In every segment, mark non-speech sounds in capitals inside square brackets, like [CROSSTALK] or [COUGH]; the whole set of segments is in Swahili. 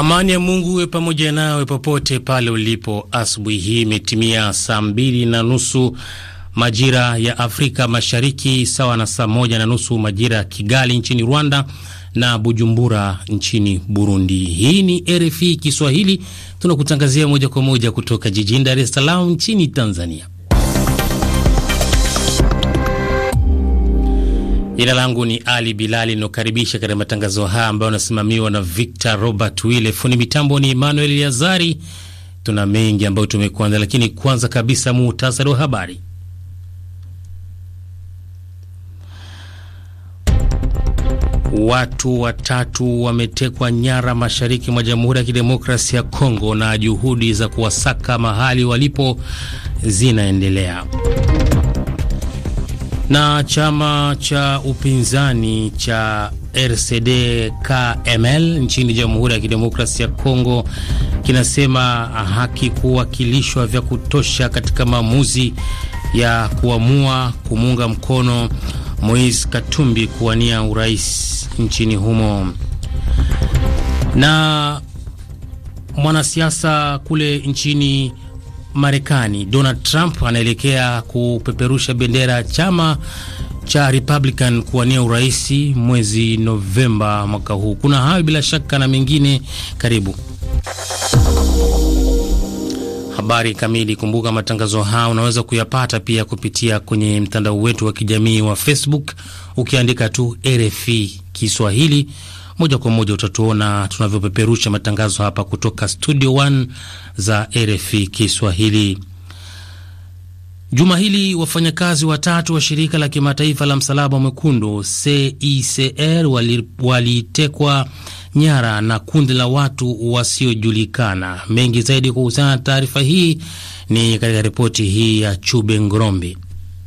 Amani ya Mungu we pamoja nawe popote pale ulipo. Asubuhi hii imetimia saa mbili na nusu majira ya Afrika Mashariki, sawa na saa moja na nusu majira ya Kigali nchini Rwanda na Bujumbura nchini Burundi. Hii ni RFI Kiswahili, tunakutangazia moja kwa moja kutoka jijini Dar es Salaam nchini Tanzania. Jina langu ni Ali Bilali inaokaribisha katika matangazo haya ambayo anasimamiwa na Victor Robert Wille. Fundi mitambo ni Emmanuel Yazari. Tuna mengi ambayo tumekuanza, lakini kwanza kabisa muhtasari wa habari. Watu watatu wametekwa nyara mashariki mwa Jamhuri ya Kidemokrasia ya Kongo na juhudi za kuwasaka mahali walipo zinaendelea. Na chama cha upinzani cha RCD KML nchini Jamhuri ya Kidemokrasia ya Kongo kinasema hakikuwakilishwa vya kutosha katika maamuzi ya kuamua kumuunga mkono Moise Katumbi kuwania urais nchini humo. Na mwanasiasa kule nchini Marekani, Donald Trump anaelekea kupeperusha bendera ya chama cha Republican kuwania urais mwezi Novemba mwaka huu. Kuna hayo bila shaka na mengine, karibu habari kamili. Kumbuka matangazo haya unaweza kuyapata pia kupitia kwenye mtandao wetu wa kijamii wa Facebook ukiandika tu RFI Kiswahili moja kwa moja utatuona tunavyopeperusha matangazo hapa kutoka studio 1 za RFI Kiswahili. Juma hili wafanyakazi watatu wa shirika la kimataifa la msalaba mwekundu CICR e walitekwa wali nyara na kundi la watu wasiojulikana. Mengi zaidi kuhusiana na taarifa hii ni katika ripoti hii ya Chube Ngrombi.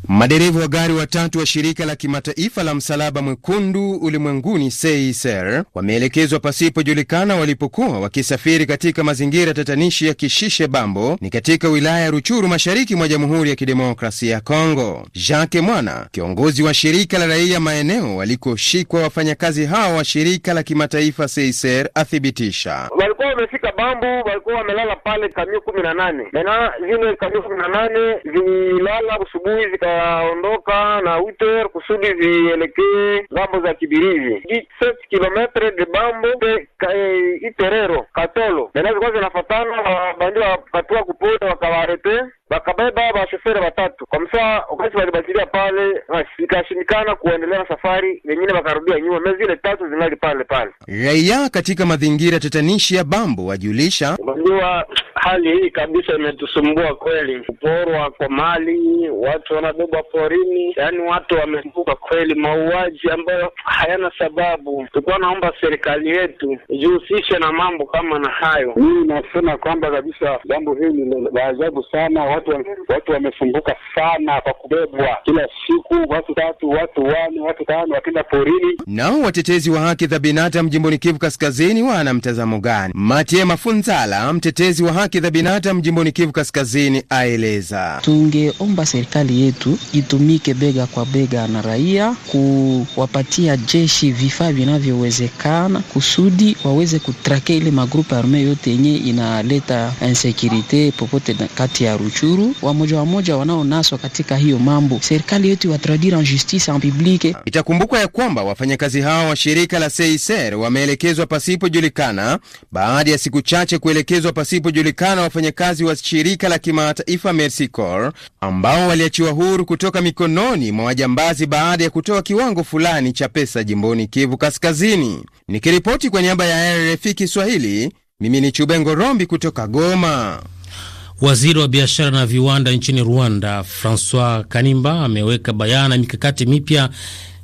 Madereva wa gari watatu wa shirika la kimataifa la msalaba mwekundu ulimwenguni CICR wameelekezwa pasipojulikana walipokuwa wakisafiri katika mazingira tatanishi ya Kishishe Bambo ni katika wilaya ya Ruchuru mashariki mwa Jamhuri ya Kidemokrasia ya Kongo. Jacques Mwana, kiongozi wa shirika la raia maeneo walikoshikwa wafanyakazi hao wa shirika la kimataifa CICR, athibitisha walikuwa wamefika Bambo, walikuwa wamelala pale kamio kumi na nane na zile kamio kumi na nane zililala usubuhi zika wataondoka na witer kusudi vielekee ngambo za Kibirizi, 17 kilometre de Bambo de eh, Iterero Katolo menazi kwanza zinafatana na bandia wakatua kupoza wakawarete wakabeba bashoferi watatu kwa msaa wakati walibasilia pale, ikashindikana kuendelea na safari, wengine wakarudia nyuma, mezile tatu zingali pale pale. Raia katika mazingira tatanishi ya Bambo wajulisha, unajua hali hii kabisa imetusumbua kweli, kuporwa kwa mali, watu wanabebwa porini, yaani watu wamevuka kweli, mauaji ambayo hayana sababu. Tulikuwa naomba serikali yetu ijihusishe na mambo kama na hayo. Mimi nasema kwamba kabisa jambo hili ni la ajabu sana, watu watu wamesumbuka sana kwa kubebwa kila siku, watu tatu, watu wane, watu tano wakenda porini. Nao watetezi wa haki za binadamu jimboni Kivu Kaskazini wana mtazamo gani? Matie Mafunzala, mtetezi wa haki haki za binadamu jimboni Kivu Kaskazini aeleza, tungeomba serikali yetu itumike bega kwa bega na raia, kuwapatia jeshi vifaa vinavyowezekana kusudi waweze kutrake ile magrupu arme yote yenye inaleta insekurite popote kati ya Ruchuru, wamoja wamoja wanaonaswa katika hiyo mambo. Serikali yetu watradire en justice en public. Itakumbukwa ya kwamba wafanyakazi hao wa shirika la CICR wameelekezwa pasipojulikana, baada ya siku chache kuelekezwa pasipojulikana kutokana wafanyakazi wa shirika la kimataifa Mersicor ambao waliachiwa huru kutoka mikononi mwa wajambazi baada ya kutoa kiwango fulani cha pesa jimboni Kivu Kaskazini. Nikiripoti kwa niaba ya RFI Kiswahili, mimi ni Chubengo Rombi kutoka Goma. Waziri wa biashara na viwanda nchini Rwanda, Francois Kanimba, ameweka bayana mikakati mipya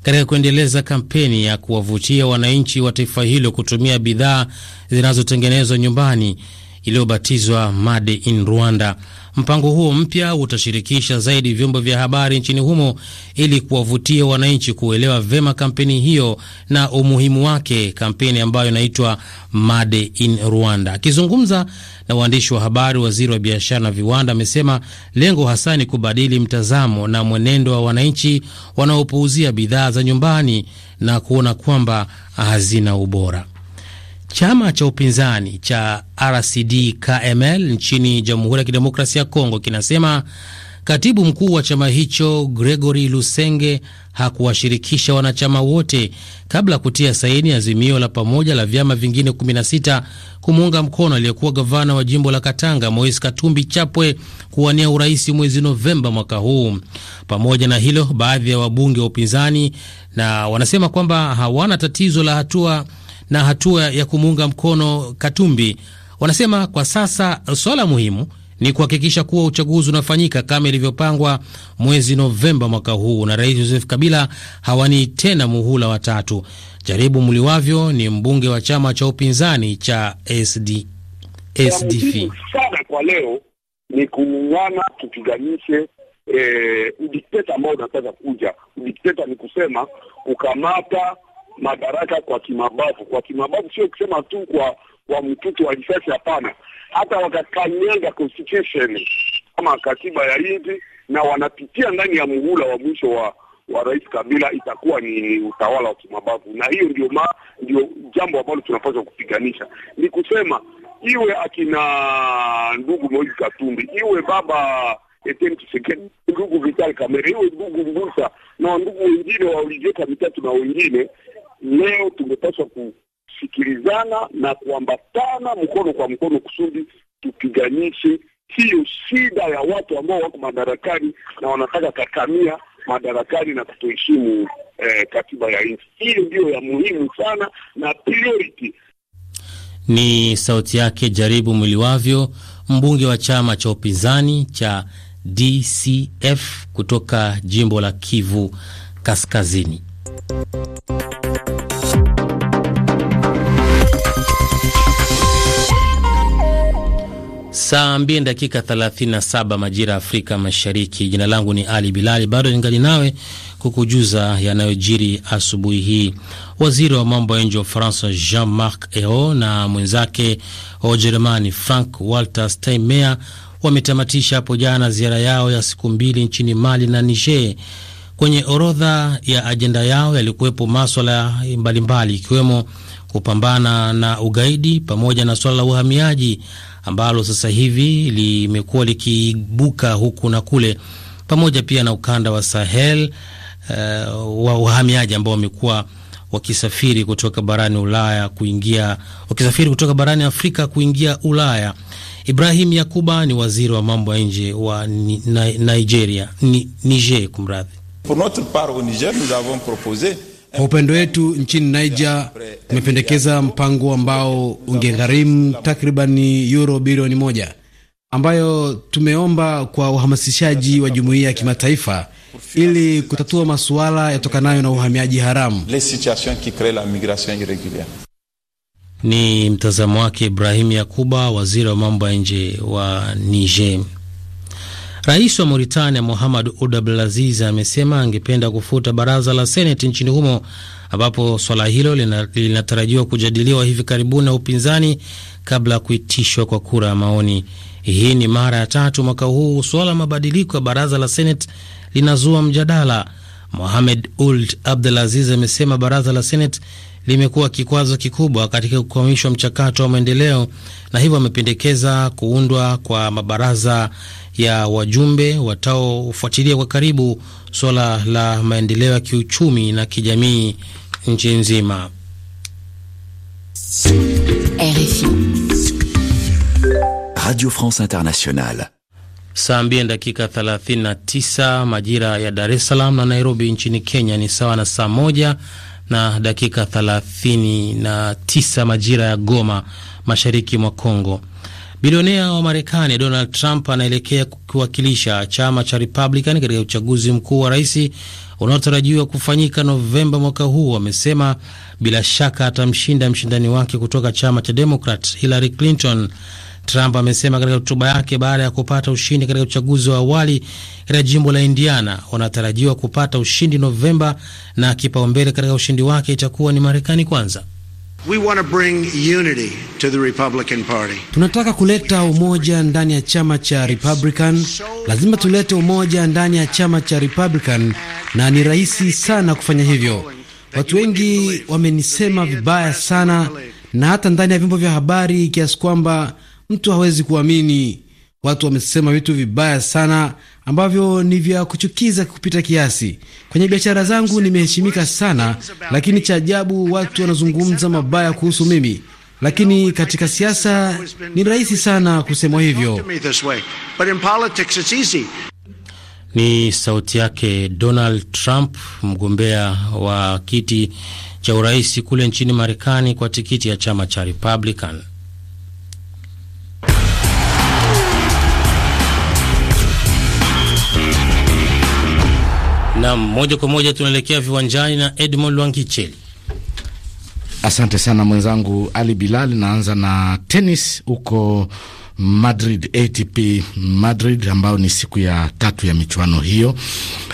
katika kuendeleza kampeni ya kuwavutia wananchi wa taifa hilo kutumia bidhaa zinazotengenezwa nyumbani iliyobatizwa Made in Rwanda. Mpango huo mpya utashirikisha zaidi vyombo vya habari nchini humo ili kuwavutia wananchi kuelewa vema kampeni hiyo na umuhimu wake, kampeni ambayo inaitwa Made in Rwanda. Akizungumza na waandishi wa habari, waziri wa biashara na viwanda amesema lengo hasa ni kubadili mtazamo na mwenendo wa wananchi wanaopuuzia bidhaa za nyumbani na kuona kwamba hazina ubora. Chama cha upinzani cha RCD KML nchini Jamhuri ya Kidemokrasia ya Kongo kinasema katibu mkuu wa chama hicho Gregory Lusenge hakuwashirikisha wanachama wote kabla ya kutia saini azimio la pamoja la vyama vingine 16 kumuunga mkono aliyekuwa gavana wa jimbo la Katanga mois Katumbi Chapwe kuwania urais mwezi Novemba mwaka huu. Pamoja na hilo, baadhi ya wabunge wa upinzani na wanasema kwamba hawana tatizo la hatua na hatua ya kumuunga mkono Katumbi. Wanasema kwa sasa swala muhimu ni kuhakikisha kuwa uchaguzi unafanyika kama ilivyopangwa mwezi Novemba mwaka huu, na Rais Joseph Kabila hawanii tena muhula watatu. Jaribu mliwavyo ni mbunge wa chama cha upinzani cha SD, SDF. Sana kwa leo ni kuungana tupiganishe eh, udikteta ambao unataka kuja. Udikteta ni kusema kukamata madaraka kwa kimabavu. Kwa kimabavu sio kusema tu kwa kwa mtutu wa risasi, hapana, hata wakakanyaga constitution kama katiba ya nchi na wanapitia ndani ya muhula wa mwisho wa wa Rais Kabila itakuwa ni, ni utawala wa kimabavu, na hiyo ndio ma ndio jambo ambalo tunapaswa kupiganisha. Ni kusema iwe akina ndugu Moise Katumbi, iwe baba Etienne Tshisekedi, ndugu Vital Kamerhe, iwe ndugu Mbusa na ndugu wengine wa ulijeka mitatu na wengine leo tumepaswa kusikilizana na kuambatana mkono kwa mkono kusudi tupiganishe hiyo shida ya watu ambao wako madarakani na wanataka kakamia madarakani na kutoheshimu eh, katiba ya nchi. Hiyo ndiyo ya muhimu sana na priority. Ni sauti yake Jaribu Mwiliwavyo, mbunge wa chama cha upinzani cha DCF kutoka jimbo la Kivu Kaskazini. Saa mbili dakika 37 majira ya Afrika Mashariki. Jina langu ni Ali Bilali, bado ningali nawe kukujuza yanayojiri asubuhi hii. Waziri wa mambo ya nje wa Ufaransa Jean Marc Ero na mwenzake wa Ujerumani Frank Walter Steinmeier wametamatisha hapo jana ziara yao ya siku mbili nchini Mali na Niger Kwenye orodha ya ajenda yao yalikuwepo maswala mbalimbali ikiwemo kupambana na ugaidi pamoja na swala la uhamiaji ambalo sasa hivi limekuwa likiibuka huku na kule, pamoja pia na ukanda wa Sahel uh, wa uhamiaji ambao wamekuwa wakisafiri kutoka barani Ulaya kuingia wakisafiri kutoka barani Afrika kuingia Ulaya. Ibrahim Yakuba ni waziri wa mambo ya nje wa Nigeria, Niger kumradhi. Kwa upande wetu nchini Niger tumependekeza mpango ambao ungegharimu takribani euro bilioni moja ambayo tumeomba kwa uhamasishaji wa jumuiya ya kimataifa ili kutatua masuala yatokanayo na uhamiaji haramu. Ni mtazamo wake Ibrahim Yakuba, waziri wa mambo ya nje wa Niger. Rais wa Mauritania Muhamad Ould Abdelaziz amesema angependa kufuta baraza la seneti nchini humo ambapo swala hilo linatarajiwa kujadiliwa hivi karibuni na upinzani kabla ya kuitishwa kwa kura ya maoni. Hii ni mara ya tatu mwaka huu suala la mabadiliko ya baraza la seneti linazua mjadala. Mohamed Ould Abdelaziz amesema baraza la seneti limekuwa kikwazo kikubwa katika kukwamishwa mchakato wa maendeleo, na hivyo amependekeza kuundwa kwa mabaraza ya wajumbe wataofuatilia kwa karibu suala la maendeleo ya kiuchumi na kijamii nchi nzima. RFI Radio France Internationale, saa mbili dakika 39 majira ya Dar es Salaam na Nairobi nchini Kenya ni sawa na saa moja na dakika 39 majira ya Goma, mashariki mwa congo Bilionea wa Marekani Donald Trump anaelekea kukiwakilisha chama cha Republican katika uchaguzi mkuu wa rais unaotarajiwa kufanyika Novemba mwaka huu. Amesema bila shaka atamshinda mshindani wake kutoka chama cha Democrat Hillary Clinton. Trump amesema katika hotuba yake baada ya kupata ushindi katika uchaguzi wa awali katika jimbo la Indiana. Wanatarajiwa kupata ushindi Novemba, na kipaumbele katika ushindi wake itakuwa ni Marekani kwanza. We want to bring unity to the Republican Party. Tunataka kuleta umoja ndani ya chama cha Republican. Lazima tulete umoja ndani ya chama cha Republican na ni rahisi sana kufanya hivyo. Watu wengi wamenisema vibaya sana na hata ndani ya vyombo vya habari kiasi kwamba mtu hawezi kuamini. Watu wamesema vitu vibaya sana ambavyo ni vya kuchukiza kupita kiasi. Kwenye biashara zangu nimeheshimika sana, lakini cha ajabu watu wanazungumza mabaya kuhusu mimi, lakini katika siasa ni rahisi sana kusemwa hivyo. Ni sauti yake Donald Trump, mgombea wa kiti cha urais kule nchini Marekani kwa tikiti ya chama cha Republican. na moja kwa moja tunaelekea viwanjani na Edmond Lwangicheli. Asante sana mwenzangu Ali Bilal. Naanza na tenis huko Madrid, ATP Madrid, ambayo ni siku ya tatu ya michuano hiyo.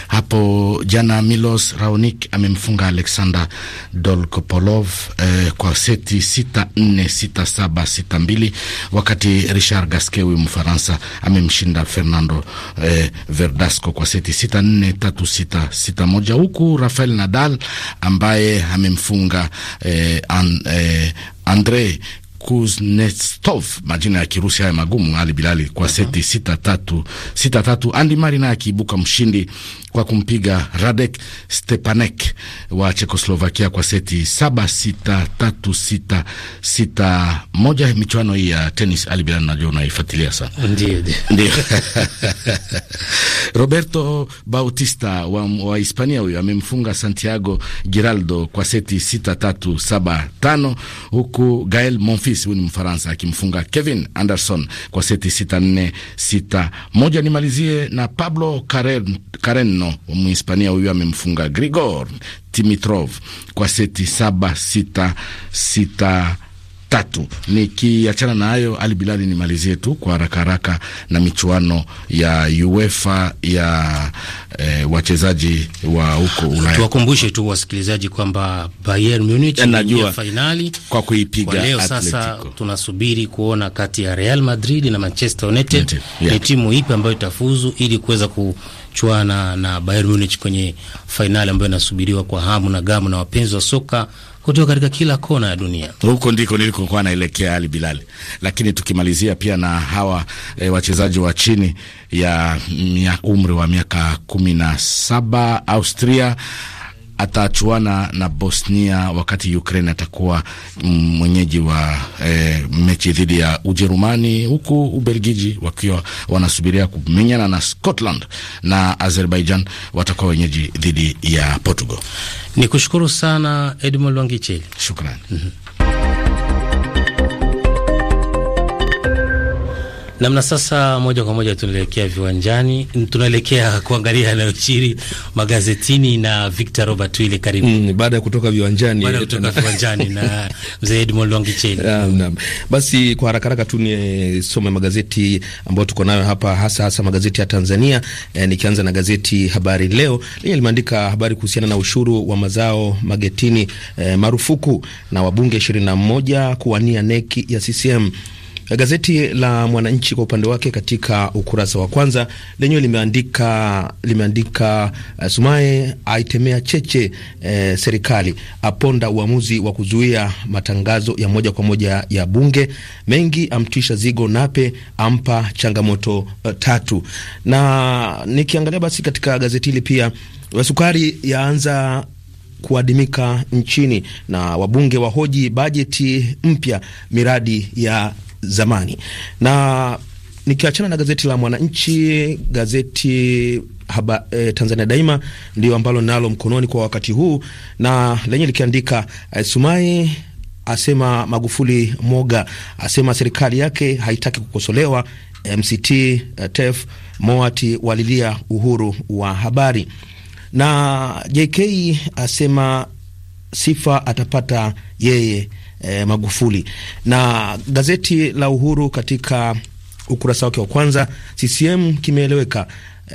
Hapo jana Milos Raonic amemfunga Alexander Dolgopolov eh, kwa seti sita nne sita saba sita mbili, wakati Richard Gasquet huyu Mfaransa amemshinda Fernando eh, Verdasco kwa seti sita nne tatu sita sita moja, huku Rafael Nadal ambaye amemfunga eh, an, eh, Andre Kuznetsov, majina ya Kirusi haya magumu, Ali Bilali kwa uh mhm. -huh. seti sita tatu, sita tatu. Andi Mari naye akiibuka mshindi kwa kumpiga Radek Stepanek wa Chekoslovakia kwa seti saba sita tatu sita sita moja. Michuano hii ya tenis, Ali Bilali, najua unaifuatilia sana. Ndiyo, ndiyo. [LAUGHS] Roberto Bautista wa, wa Hispania huyo amemfunga Santiago Giraldo kwa seti sita tatu saba tano, huku Gael Monf Monfils, huyu ni Mfaransa, akimfunga Kevin Anderson kwa seti sita nne sita moja. Nimalizie na Pablo Careno wa Mhispania, huyu amemfunga Grigor Dimitrov kwa seti saba sita sita tatu. Nikiachana na hayo, Ali Bilali, nimalizie tu kwa haraka haraka na michuano ya UEFA ya e, wachezaji wa huko Ulaya. Tuwakumbushe tu wasikilizaji kwamba Bayern Munich inajua eh, fainali kwa kuipiga leo. Sasa tunasubiri kuona kati ya Real Madrid na Manchester United yeah, ni timu ipi ambayo itafuzu ili kuweza kuchuana na Bayern Munich kwenye fainali ambayo inasubiriwa kwa hamu na gamu na wapenzi wa soka kutoka katika kila kona ya dunia. Huko ndiko nilikokuwa naelekea Ali Bilali, lakini tukimalizia pia na hawa e, wachezaji wa chini ya, ya umri wa miaka kumi na saba Austria atachuana na Bosnia wakati Ukraine atakuwa mwenyeji wa e, mechi dhidi ya Ujerumani, huku Ubelgiji wakiwa wanasubiria kumenyana na Scotland na Azerbaijan watakuwa wenyeji dhidi ya Portugal. Ni kushukuru sana Edmond Wangicheli, shukrani. mm -hmm. namna. Sasa moja kwa moja tunaelekea viwanjani, tunaelekea kuangalia yanayojiri magazetini na Victor Robert Wile. Karibu mm, baada ya kutoka viwanjani, baada ya kutoka [LAUGHS] viwanjani na mzee Edmond Longicheli. Naam, naam, basi kwa haraka haraka tu nisome magazeti ambayo tuko nayo hapa, hasa hasa magazeti ya Tanzania eh, nikianza na gazeti Habari Leo lenye limeandika habari kuhusiana na ushuru wa mazao magetini eh, marufuku na wabunge 21 kuwania neki ya CCM Eh, gazeti la Mwananchi kwa upande wake katika ukurasa wa kwanza lenyewe limeandika limeandika uh, Sumaye aitemea cheche uh, serikali aponda uamuzi wa kuzuia matangazo ya moja kwa moja ya bunge. Mengi amtisha zigo Nape ampa changamoto uh, tatu. Na nikiangalia basi katika gazeti hili pia sukari yaanza kuadimika nchini na wabunge wahoji bajeti mpya miradi ya zamani. Na nikiachana na gazeti la Mwananchi, gazeti haba, eh, Tanzania Daima ndio ambalo nalo mkononi kwa wakati huu na lenye likiandika eh, Sumai asema Magufuli moga, asema serikali yake haitaki kukosolewa. MCT eh, TEF Moati walilia uhuru wa habari, na JK asema sifa atapata yeye eh, Magufuli. Na gazeti la Uhuru katika ukurasa wake wa kwanza, CCM kimeeleweka.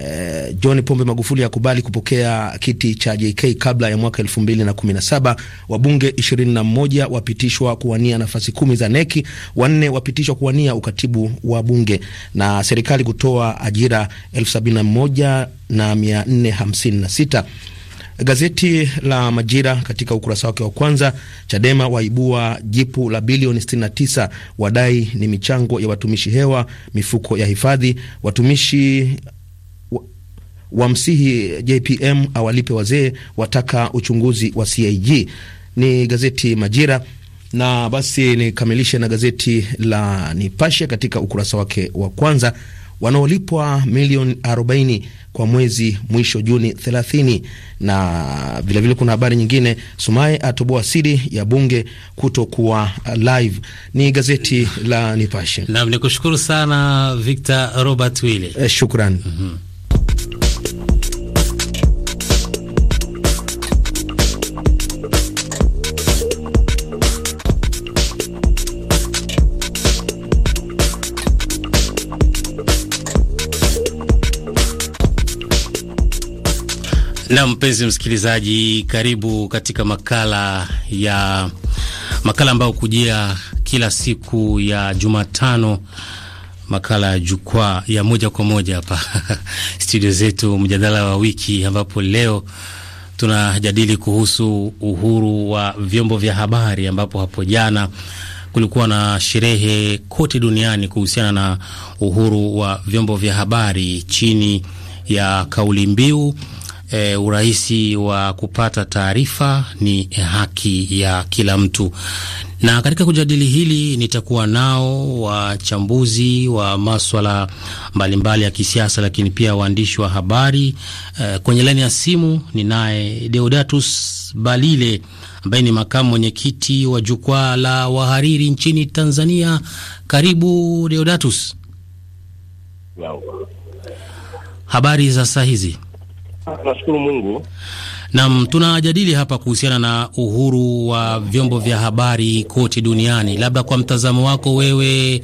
Eh, John Pombe Magufuli akubali kupokea kiti cha JK kabla ya mwaka 2017. Wabunge 21 wapitishwa kuwania nafasi kumi za neki, wanne wapitishwa kuwania ukatibu wa bunge, na serikali kutoa ajira 71,456 Gazeti la Majira katika ukurasa wake wa kwanza, Chadema waibua jipu la bilioni 69, wadai ni michango ya watumishi hewa, mifuko ya hifadhi, watumishi wamsihi JPM awalipe wazee, wataka uchunguzi wa CAG. Ni gazeti Majira na basi nikamilishe na gazeti la Nipashe katika ukurasa wake wa kwanza wanaolipwa milioni 40 kwa mwezi mwisho Juni 30. Na vilevile vile kuna habari nyingine, Sumaye atoboa siri ya bunge kutokuwa live. Ni gazeti la Nipashe. Naam, nikushukuru sana Victor Robert Wile. Eh, shukran. mm -hmm. Na mpenzi msikilizaji, karibu katika makala ya makala ambayo kujia kila siku ya Jumatano, makala ya jukwaa ya moja kwa moja hapa [LAUGHS] studio zetu, mjadala wa wiki, ambapo leo tunajadili kuhusu uhuru wa vyombo vya habari, ambapo hapo jana kulikuwa na sherehe kote duniani kuhusiana na uhuru wa vyombo vya habari chini ya kauli mbiu e, urahisi wa kupata taarifa ni haki ya kila mtu. Na katika kujadili hili nitakuwa nao wachambuzi wa, wa maswala mbalimbali ya kisiasa, lakini pia waandishi wa habari e, kwenye laini ya simu ninaye Deodatus Balile ambaye ni makamu mwenyekiti wa jukwaa la wahariri nchini Tanzania. Karibu Deodatus. Habari za saa hizi? nashukuru Mungu. Naam, tunajadili hapa kuhusiana na uhuru wa vyombo vya habari kote duniani. Labda kwa mtazamo wako wewe,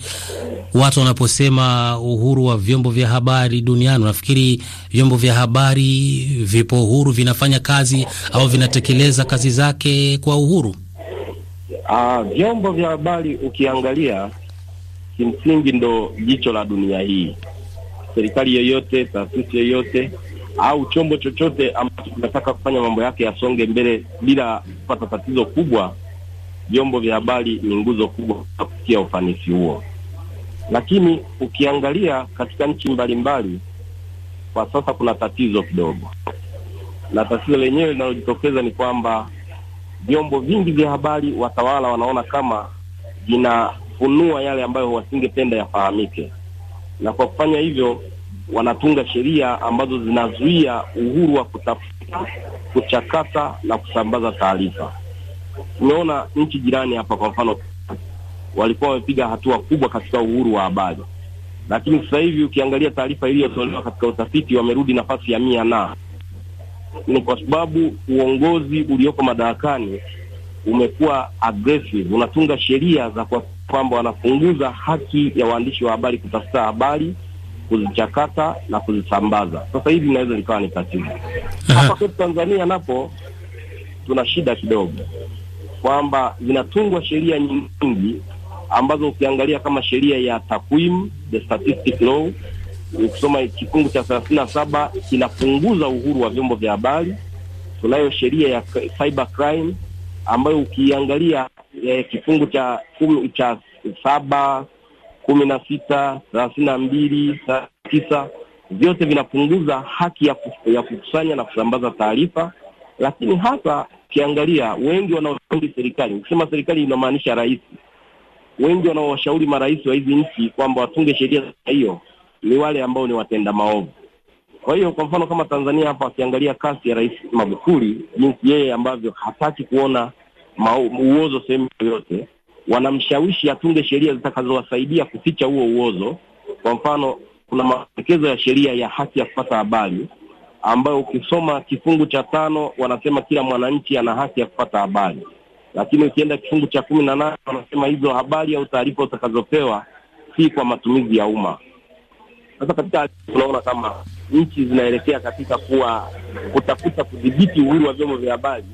watu wanaposema uhuru wa vyombo vya habari duniani, unafikiri vyombo vya habari vipo uhuru, vinafanya kazi au vinatekeleza kazi zake kwa uhuru? Aa, ah, vyombo vya habari ukiangalia kimsingi ndo jicho la dunia hii. Serikali yoyote, taasisi yoyote au chombo chochote ambacho kinataka kufanya mambo yake yasonge mbele bila kupata tatizo kubwa, vyombo vya habari ni nguzo kubwa kufikia ufanisi huo. Lakini ukiangalia katika nchi mbalimbali kwa sasa kuna tatizo kidogo, na tatizo lenyewe linalojitokeza ni kwamba vyombo vingi vya habari, watawala wanaona kama vinafunua yale ambayo wasingependa yafahamike, na kwa kufanya hivyo wanatunga sheria ambazo zinazuia uhuru wa kutafuta, kuchakata na kusambaza taarifa. Tumeona nchi jirani hapa, kwa mfano, walikuwa wamepiga hatua kubwa katika uhuru wa habari, lakini sasa hivi ukiangalia taarifa iliyotolewa katika utafiti, wamerudi nafasi ya mia na ni kwa sababu uongozi ulioko madarakani umekuwa aggressive, unatunga sheria za kwamba wanapunguza haki ya waandishi wa habari kutafuta habari kuzichakata na kuzisambaza. Sasa hivi inaweza likawa ni tatizo hapa kwetu Tanzania, napo tuna shida kidogo kwamba zinatungwa sheria nyingi ambazo ukiangalia kama sheria ya takwimu, the statistic law, ukisoma kifungu cha thelathini na saba kinapunguza uhuru wa vyombo vya habari. Tunayo sheria ya cyber crime ambayo ukiangalia eh, kifungu cha kumi cha saba kumi na sita thelathini na mbili thelathini na tisa vyote vinapunguza haki ya kukusanya na kusambaza taarifa. Lakini hasa ukiangalia wengi wanaoshauri serikali, ukisema serikali inamaanisha rais, wengi wanaowashauri marais wa hizi nchi kwamba watunge sheria za hiyo ni wale ambao ni watenda maovu. Kwa hiyo kwa mfano kama Tanzania hapa, akiangalia kasi ya Rais Magufuli, jinsi yeye ambavyo hataki kuona uozo sehemu yoyote, wanamshawishi atunge sheria zitakazowasaidia kuficha huo uozo. Kwa mfano, kuna mapendekezo ya sheria ya haki ya kupata habari ambayo ukisoma kifungu cha tano wanasema kila mwananchi ana haki ya kupata habari, lakini ukienda kifungu cha kumi na nane wanasema hizo habari au taarifa utakazopewa si kwa matumizi ya umma. Sasa katika tunaona kama nchi zinaelekea katika kuwa kutafuta kudhibiti uhuru wa vyombo vya habari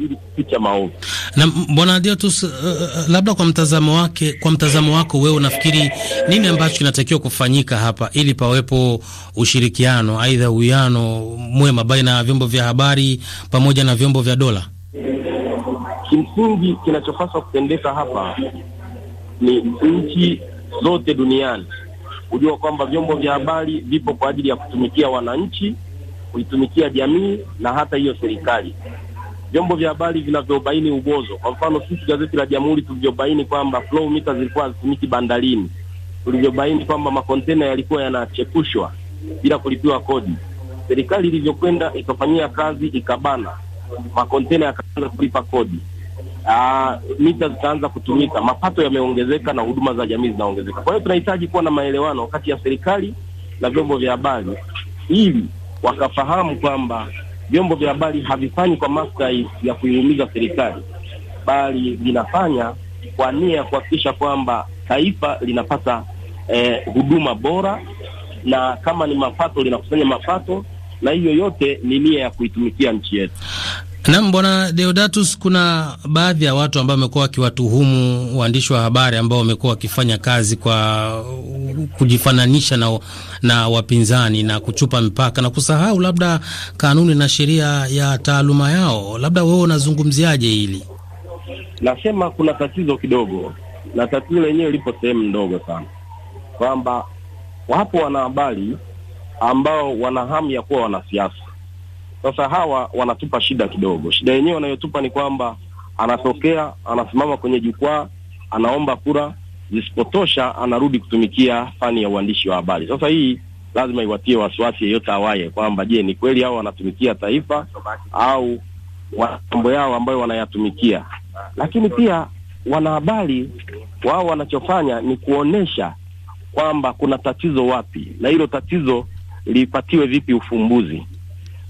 ili kuficha maovu. Na bwana Diotus, uh, uh, labda kwa mtazamo wake, kwa mtazamo wako wewe unafikiri nini ambacho kinatakiwa kufanyika hapa ili pawepo ushirikiano, aidha uwiano mwema baina ya vyombo vya habari pamoja na vyombo vya dola? Kimsingi kinachopaswa kutendeka hapa ni nchi zote duniani kujua kwamba vyombo vya habari vipo kwa ajili ya kutumikia wananchi, kuitumikia jamii na hata hiyo serikali vyombo vya habari vinavyobaini ubozo. Kwa mfano, sisi gazeti la Jamhuri tulivyobaini kwamba flow meter zilikuwa hazitumiki bandarini, tulivyobaini kwamba makontena yalikuwa yanachepushwa bila kulipiwa kodi, serikali ilivyokwenda ikafanyia kazi ikabana makontena, yakaanza kulipa kodi. Aa, ah, mita zikaanza kutumika, mapato yameongezeka na huduma za jamii zinaongezeka. Kwa hiyo tunahitaji kuwa na maelewano kati ya serikali na vyombo vya habari ili wakafahamu kwamba vyombo vya habari havifanyi kwa maslahi ya kuiumiza serikali, bali vinafanya kwa nia ya kuhakikisha kwamba taifa linapata eh, huduma bora, na kama ni mapato linakusanya mapato, na hiyo yote ni nia ya kuitumikia nchi yetu. Naam, Bwana Deodatus, kuna baadhi ya watu ambao wamekuwa wakiwatuhumu waandishi wa habari ambao wamekuwa wakifanya kazi kwa kujifananisha na, na wapinzani na kuchupa mipaka na kusahau labda kanuni na sheria ya taaluma yao. Labda wewe unazungumziaje hili? Nasema kuna tatizo kidogo, na tatizo lenyewe lipo sehemu ndogo sana, kwamba wapo wanahabari ambao wana hamu ya kuwa wanasiasa sasa hawa wanatupa shida kidogo. Shida yenyewe wanayotupa ni kwamba anatokea anasimama kwenye jukwaa, anaomba kura, zisipotosha anarudi kutumikia fani ya uandishi wa habari. Sasa hii lazima iwatie wasiwasi yeyote awaye kwamba je, ni kweli hao wanatumikia taifa au mambo yao ambayo wanayatumikia? Lakini pia wanahabari wao wanachofanya ni kuonyesha kwamba kuna tatizo wapi na hilo tatizo lipatiwe vipi ufumbuzi.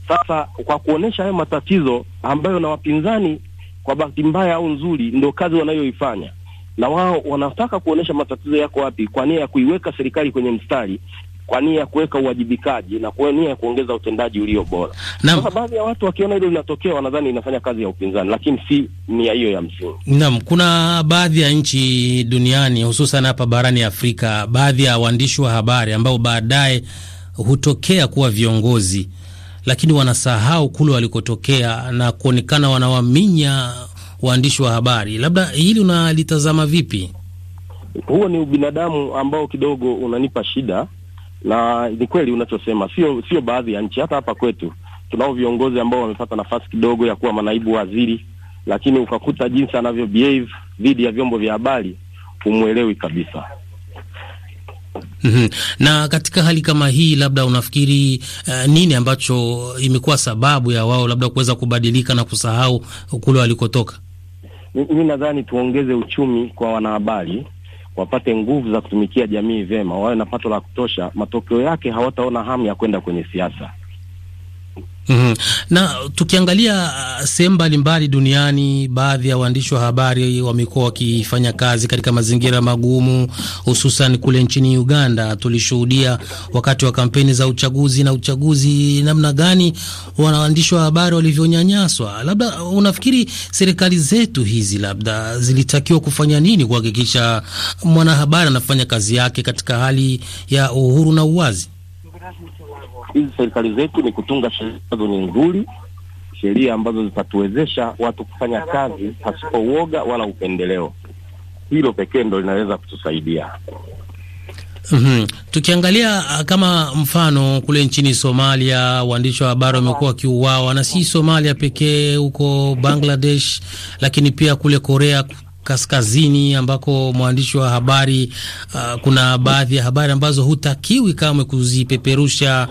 Sasa kwa kuonesha hayo matatizo ambayo, na wapinzani kwa bahati mbaya au nzuri, ndio kazi wanayoifanya, na wao wanataka kuonesha matatizo yako wapi, kwa nia ya kuiweka serikali kwenye mstari kwa nia ya kuweka uwajibikaji na kwa nia ya kuongeza utendaji ulio bora. Sasa baadhi ya watu wakiona hilo linatokea, wanadhani inafanya kazi ya upinzani, lakini si nia hiyo ya msingi. Naam, kuna baadhi ya nchi duniani, hususan hapa barani Afrika, baadhi ya waandishi wa habari ambao baadaye hutokea kuwa viongozi lakini wanasahau kule walikotokea na kuonekana wanawaminya waandishi wa habari. Labda hili unalitazama vipi? Huo ni ubinadamu ambao kidogo unanipa shida, na ni kweli unachosema, sio sio baadhi ya nchi, hata hapa kwetu tunao viongozi ambao wamepata nafasi kidogo ya kuwa manaibu waziri, lakini ukakuta jinsi anavyo behave dhidi ya vyombo vya habari humwelewi kabisa. Mm -hmm. Na katika hali kama hii labda unafikiri uh, nini ambacho imekuwa sababu ya wao labda kuweza kubadilika na kusahau kule walikotoka? Mimi nadhani tuongeze uchumi kwa wanahabari, wapate nguvu za kutumikia jamii vyema, wawe na pato la kutosha. Matokeo yake hawataona hamu ya kwenda kwenye siasa. Mm -hmm. Na tukiangalia uh, sehemu mbalimbali duniani, baadhi ya waandishi wa habari wamekuwa wakifanya kazi katika mazingira magumu, hususan kule nchini Uganda. Tulishuhudia wakati wa kampeni za uchaguzi na uchaguzi, namna gani waandishi wa habari walivyonyanyaswa. Labda unafikiri serikali zetu hizi labda zilitakiwa kufanya nini kuhakikisha mwanahabari anafanya kazi yake katika hali ya uhuru na uwazi? hizi serikali zetu ni kutunga sheria ambazo ni nzuri, sheria ambazo zitatuwezesha watu kufanya kazi pasipo uoga wala upendeleo. Hilo pekee ndo linaweza kutusaidia. Mm -hmm. Tukiangalia ah, kama mfano kule nchini Somalia, waandishi wa habari wamekuwa wakiuawa, na si Somalia pekee, huko Bangladesh, lakini pia kule Korea kaskazini ambako mwandishi wa habari uh, kuna baadhi ya habari ambazo hutakiwi kamwe kuzipeperusha.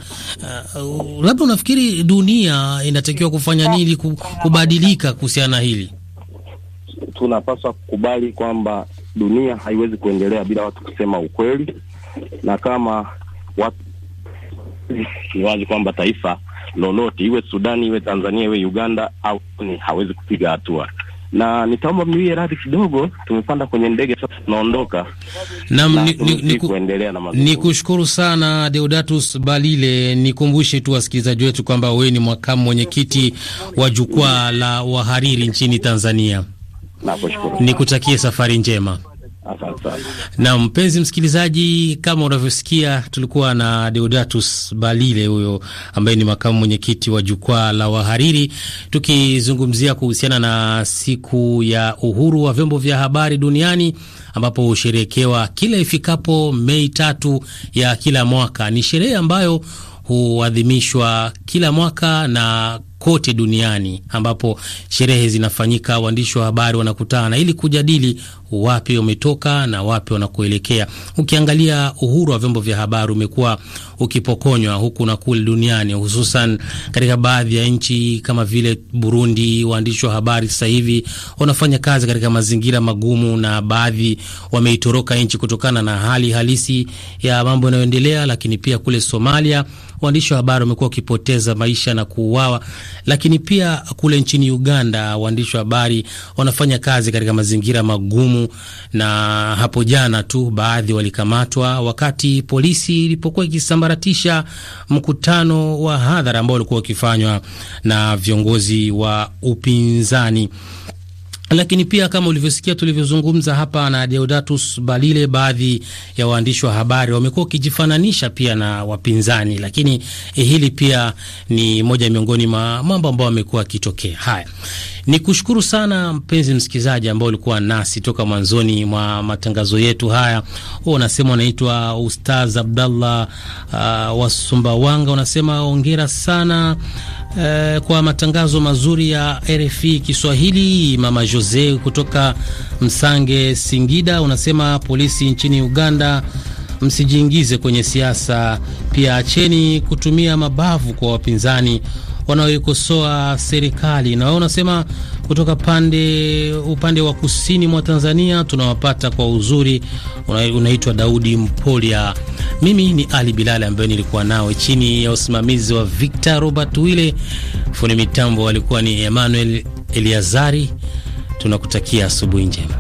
Uh, labda unafikiri dunia inatakiwa kufanya nini kubadilika kuhusiana na hili? Tunapaswa kukubali kwamba dunia haiwezi kuendelea bila watu kusema ukweli, na kama watu ni wazi kwamba taifa lolote iwe Sudani iwe Tanzania iwe Uganda au ni hawezi kupiga hatua na nitaomba mniwie radhi kidogo, tumepanda kwenye ndege sasa tunaondoka. Naam, na, kuendelea na mazungumzo. Nikushukuru sana Deodatus Balile. Nikumbushe tu wasikilizaji wetu kwamba wewe ni makamu mwenyekiti wa jukwaa la wahariri nchini Tanzania. Nakushukuru. Nikutakie safari njema. Na mpenzi msikilizaji, kama unavyosikia, tulikuwa na Deodatus Balile huyo ambaye ni makamu mwenyekiti wa jukwaa la wahariri, tukizungumzia kuhusiana na siku ya uhuru wa vyombo vya habari duniani ambapo husherehekewa kila ifikapo Mei tatu ya kila mwaka. Ni sherehe ambayo huadhimishwa kila mwaka na kote duniani ambapo sherehe zinafanyika, waandishi wa habari wanakutana ili kujadili wapi wametoka na wapi wanakuelekea. Ukiangalia uhuru wa vyombo vya habari umekuwa ukipokonywa huku na kule duniani, hususan katika baadhi ya nchi kama vile Burundi. Waandishi wa habari sasa hivi wanafanya kazi katika mazingira magumu, na baadhi wameitoroka nchi kutokana na hali halisi ya mambo yanayoendelea. Lakini pia kule Somalia waandishi wa habari wamekuwa wakipoteza maisha na kuuawa lakini pia kule nchini Uganda, waandishi wa habari wanafanya kazi katika mazingira magumu, na hapo jana tu baadhi walikamatwa wakati polisi ilipokuwa ikisambaratisha mkutano wa hadhara ambao ulikuwa ukifanywa na viongozi wa upinzani. Lakini pia kama ulivyosikia tulivyozungumza hapa na Deodatus Balile, baadhi ya waandishi wa habari wamekuwa wakijifananisha pia na wapinzani, lakini eh, hili pia ni moja miongoni mwa mambo ambayo amekuwa akitokea. Haya, ni kushukuru sana mpenzi msikilizaji ambao ulikuwa nasi toka mwanzoni mwa matangazo yetu haya. Huo unasema unaitwa Ustaz Abdallah uh, ah, wa Sumbawanga, unasema ongera sana Eh, kwa matangazo mazuri ya RFI Kiswahili. Mama Jose kutoka Msange, Singida, unasema polisi nchini Uganda msijiingize kwenye siasa, pia acheni kutumia mabavu kwa wapinzani wanaoikosoa serikali. Na wao unasema kutoka pande upande wa kusini mwa Tanzania tunawapata kwa uzuri. Unaitwa Daudi Mpolia. Mimi ni Ali Bilali ambaye nilikuwa nao chini ya usimamizi wa Victor Robert Wile. Fundi mitambo walikuwa ni Emmanuel Eliazari. Tunakutakia asubuhi njema.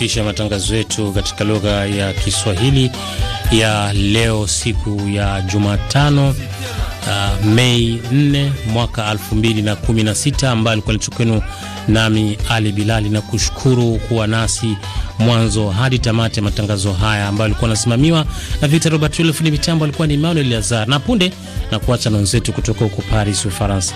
tunatamatisha matangazo yetu katika lugha ya Kiswahili ya leo, siku ya Jumatano uh, Mei 4 mwaka 2016, ambayo alikuwa licho kwenu, nami Ali Bilali na kushukuru kuwa nasi mwanzo hadi tamati ya matangazo haya ambayo alikuwa anasimamiwa na Victor Robert Wille. Ni mitambo alikuwa ni Emmanuel Lazar, na punde na kuacha na wenzetu kutoka huko Paris, Ufaransa.